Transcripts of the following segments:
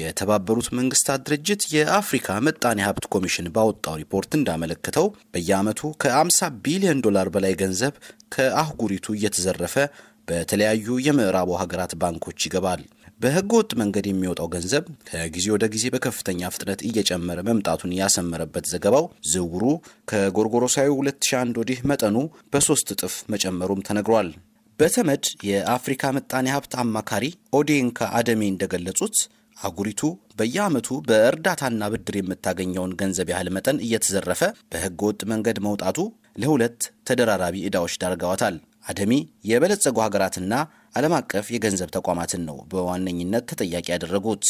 የተባበሩት መንግስታት ድርጅት የአፍሪካ ምጣኔ ሀብት ኮሚሽን ባወጣው ሪፖርት እንዳመለከተው በየዓመቱ ከ50 ቢሊዮን ዶላር በላይ ገንዘብ ከአህጉሪቱ እየተዘረፈ በተለያዩ የምዕራቡ ሀገራት ባንኮች ይገባል። በህገ ወጥ መንገድ የሚወጣው ገንዘብ ከጊዜ ወደ ጊዜ በከፍተኛ ፍጥነት እየጨመረ መምጣቱን ያሰመረበት ዘገባው ዝውውሩ ከጎርጎሮሳዊ 2001 ወዲህ መጠኑ በሶስት እጥፍ መጨመሩም ተነግሯል። በተመድ የአፍሪካ ምጣኔ ሀብት አማካሪ ኦዴንካ አደሜ እንደገለጹት አጉሪቱ በየዓመቱ በእርዳታና ብድር የምታገኘውን ገንዘብ ያህል መጠን እየተዘረፈ በህገወጥ ወጥ መንገድ መውጣቱ ለሁለት ተደራራቢ ዕዳዎች ዳርገዋታል። አደሚ የበለጸጉ ሀገራትና ዓለም አቀፍ የገንዘብ ተቋማትን ነው በዋነኝነት ተጠያቂ ያደረጉት።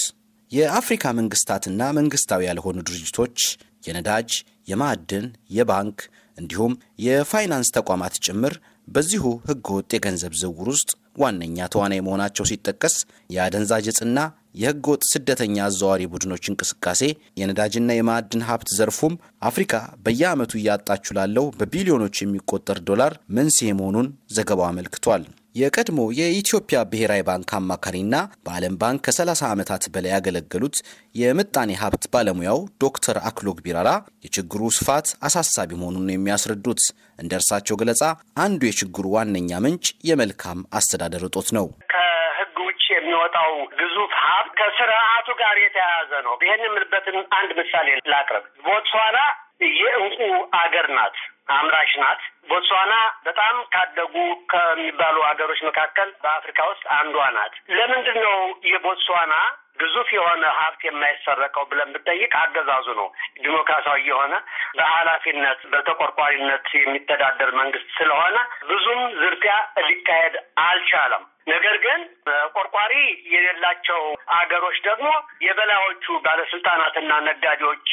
የአፍሪካ መንግስታትና መንግስታዊ ያልሆኑ ድርጅቶች የነዳጅ፣ የማዕድን፣ የባንክ እንዲሁም የፋይናንስ ተቋማት ጭምር በዚሁ ህገወጥ የገንዘብ ዝውውር ውስጥ ዋነኛ ተዋናይ መሆናቸው ሲጠቀስ የአደንዛዥ ዕፅና የህገ ወጥ ስደተኛ አዘዋሪ ቡድኖች እንቅስቃሴ፣ የነዳጅና የማዕድን ሀብት ዘርፉም አፍሪካ በየዓመቱ እያጣችሁ ላለው በቢሊዮኖች የሚቆጠር ዶላር መንስኤ መሆኑን ዘገባው አመልክቷል። የቀድሞ የኢትዮጵያ ብሔራዊ ባንክ አማካሪና በዓለም ባንክ ከ30 ዓመታት በላይ ያገለገሉት የምጣኔ ሀብት ባለሙያው ዶክተር አክሎግ ቢራራ የችግሩ ስፋት አሳሳቢ መሆኑን የሚያስረዱት። እንደ እርሳቸው ገለጻ አንዱ የችግሩ ዋነኛ ምንጭ የመልካም አስተዳደር እጦት ነው። የሚወጣው ግዙፍ ሀብት ከስርዓቱ ጋር የተያያዘ ነው። ይህን የምልበትን አንድ ምሳሌ ላቅርብ። ቦትስዋና የእንቁ አገር ናት፣ አምራች ናት። ቦትስዋና በጣም ካደጉ ከሚባሉ ሀገሮች መካከል በአፍሪካ ውስጥ አንዷ ናት። ለምንድን ነው የቦትስዋና ግዙፍ የሆነ ሀብት የማይሰረቀው ብለን ብጠይቅ አገዛዙ ነው። ዲሞክራሲያዊ የሆነ በኃላፊነት በተቆርቋሪነት የሚተዳደር መንግስት ስለሆነ ብዙም ዝርፊያ ሊካሄድ አልቻለም። ነገር ግን ቆርቋሪ የሌላቸው አገሮች ደግሞ የበላዮቹ ባለስልጣናትና ነጋዴዎች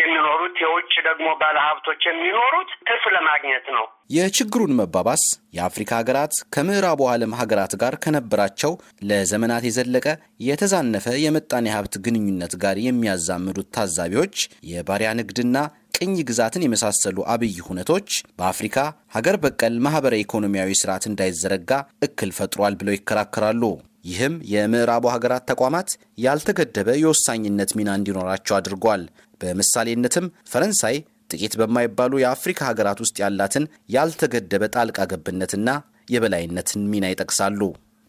የሚኖሩት የውጭ ደግሞ ባለሀብቶች የሚኖሩት ትርፍ ለማግኘት ነው። የችግሩን መባባስ የአፍሪካ ሀገራት ከምዕራቡ ዓለም ሀገራት ጋር ከነበራቸው ለዘመናት የዘለቀ የተዛነፈ የምጣኔ ሀብት ግንኙነት ጋር የሚያዛምዱት ታዛቢዎች የባሪያ ንግድና ቅኝ ግዛትን የመሳሰሉ አብይ ሁነቶች በአፍሪካ ሀገር በቀል ማህበረ ኢኮኖሚያዊ ስርዓት እንዳይዘረጋ እክል ፈጥሯል ብለው ይከራከራሉ። ይህም የምዕራቡ ሀገራት ተቋማት ያልተገደበ የወሳኝነት ሚና እንዲኖራቸው አድርጓል። በምሳሌነትም ፈረንሳይ ጥቂት በማይባሉ የአፍሪካ ሀገራት ውስጥ ያላትን ያልተገደበ ጣልቃ ገብነትና የበላይነትን ሚና ይጠቅሳሉ።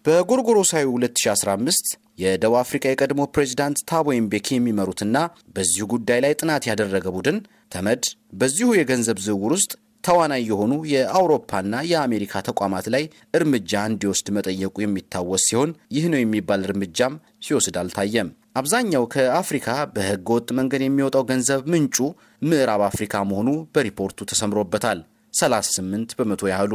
በጎርጎሮሳዊ 2015 የደቡብ አፍሪካ የቀድሞ ፕሬዚዳንት ታቦ ምቤኪ የሚመሩትና በዚሁ ጉዳይ ላይ ጥናት ያደረገ ቡድን ተመድ በዚሁ የገንዘብ ዝውውር ውስጥ ተዋናይ የሆኑ የአውሮፓና የአሜሪካ ተቋማት ላይ እርምጃ እንዲወስድ መጠየቁ የሚታወስ ሲሆን ይህ ነው የሚባል እርምጃም ሲወስድ አልታየም። አብዛኛው ከአፍሪካ በሕገ ወጥ መንገድ የሚወጣው ገንዘብ ምንጩ ምዕራብ አፍሪካ መሆኑ በሪፖርቱ ተሰምሮበታል። 38 በመቶ ያህሉ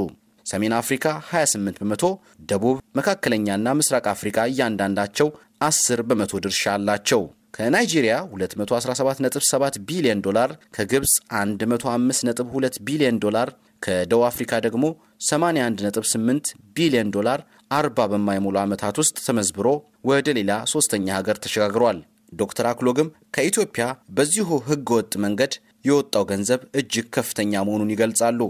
ሰሜን አፍሪካ 28 በመቶ፣ ደቡብ፣ መካከለኛና ምስራቅ አፍሪካ እያንዳንዳቸው 10 በመቶ ድርሻ አላቸው። ከናይጄሪያ 217.7 ቢሊዮን ዶላር፣ ከግብፅ 105.2 ቢሊዮን ዶላር፣ ከደቡብ አፍሪካ ደግሞ 81.8 ቢሊዮን ዶላር 40 በማይሞሉ ዓመታት ውስጥ ተመዝብሮ ወደ ሌላ ሶስተኛ ሀገር ተሸጋግሯል። ዶክተር አክሎግም ከኢትዮጵያ በዚሁ ህገ ወጥ መንገድ የወጣው ገንዘብ እጅግ ከፍተኛ መሆኑን ይገልጻሉ።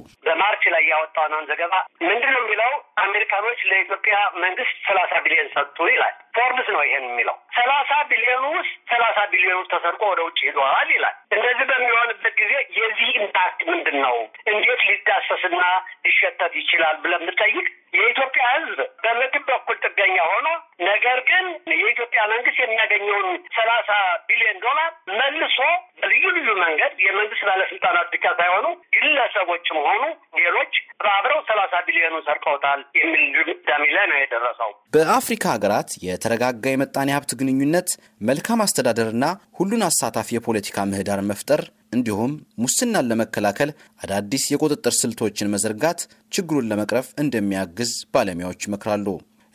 ያወጣነውን ዘገባ ምንድን ነው የሚለው? አሜሪካኖች ለኢትዮጵያ መንግስት ሰላሳ ቢሊዮን ሰጡ ይላል። ፎርብስ ነው ይሄን የሚለው። ሰላሳ ቢሊዮኑ ውስጥ ሰላሳ ቢሊዮኑ ተሰርቆ ወደ ውጭ ሄዷል ይላል። እንደዚህ በሚሆንበት ጊዜ የዚህ ኢምፓክት ምንድን ነው? እንዴት ሊዳሰስና ሊሸተት ይችላል ብለን ብጠይቅ የኢትዮጵያ ሕዝብ በምግብ በኩል ከፍተኛ ሆኖ ነገር ግን የኢትዮጵያ መንግስት የሚያገኘውን ሰላሳ ቢሊዮን ዶላር መልሶ በልዩ ልዩ መንገድ የመንግስት ባለስልጣናት ብቻ ሳይሆኑ ግለሰቦችም ሆኑ ሌሎች አብረው ሰላሳ ቢሊዮኑን ሰርቀውታል የሚል ድምዳሜ ላይ ነው የደረሰው። በአፍሪካ ሀገራት የተረጋጋ የመጣኔ ሀብት ግንኙነት፣ መልካም አስተዳደርና ሁሉን አሳታፊ የፖለቲካ ምህዳር መፍጠር እንዲሁም ሙስናን ለመከላከል አዳዲስ የቁጥጥር ስልቶችን መዘርጋት ችግሩን ለመቅረፍ እንደሚያግዝ ባለሙያዎች ይመክራሉ።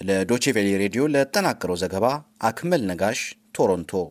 ለዶቼቬሌ ሬዲዮ ለጠናቀረው ዘገባ አክመል ነጋሽ ቶሮንቶ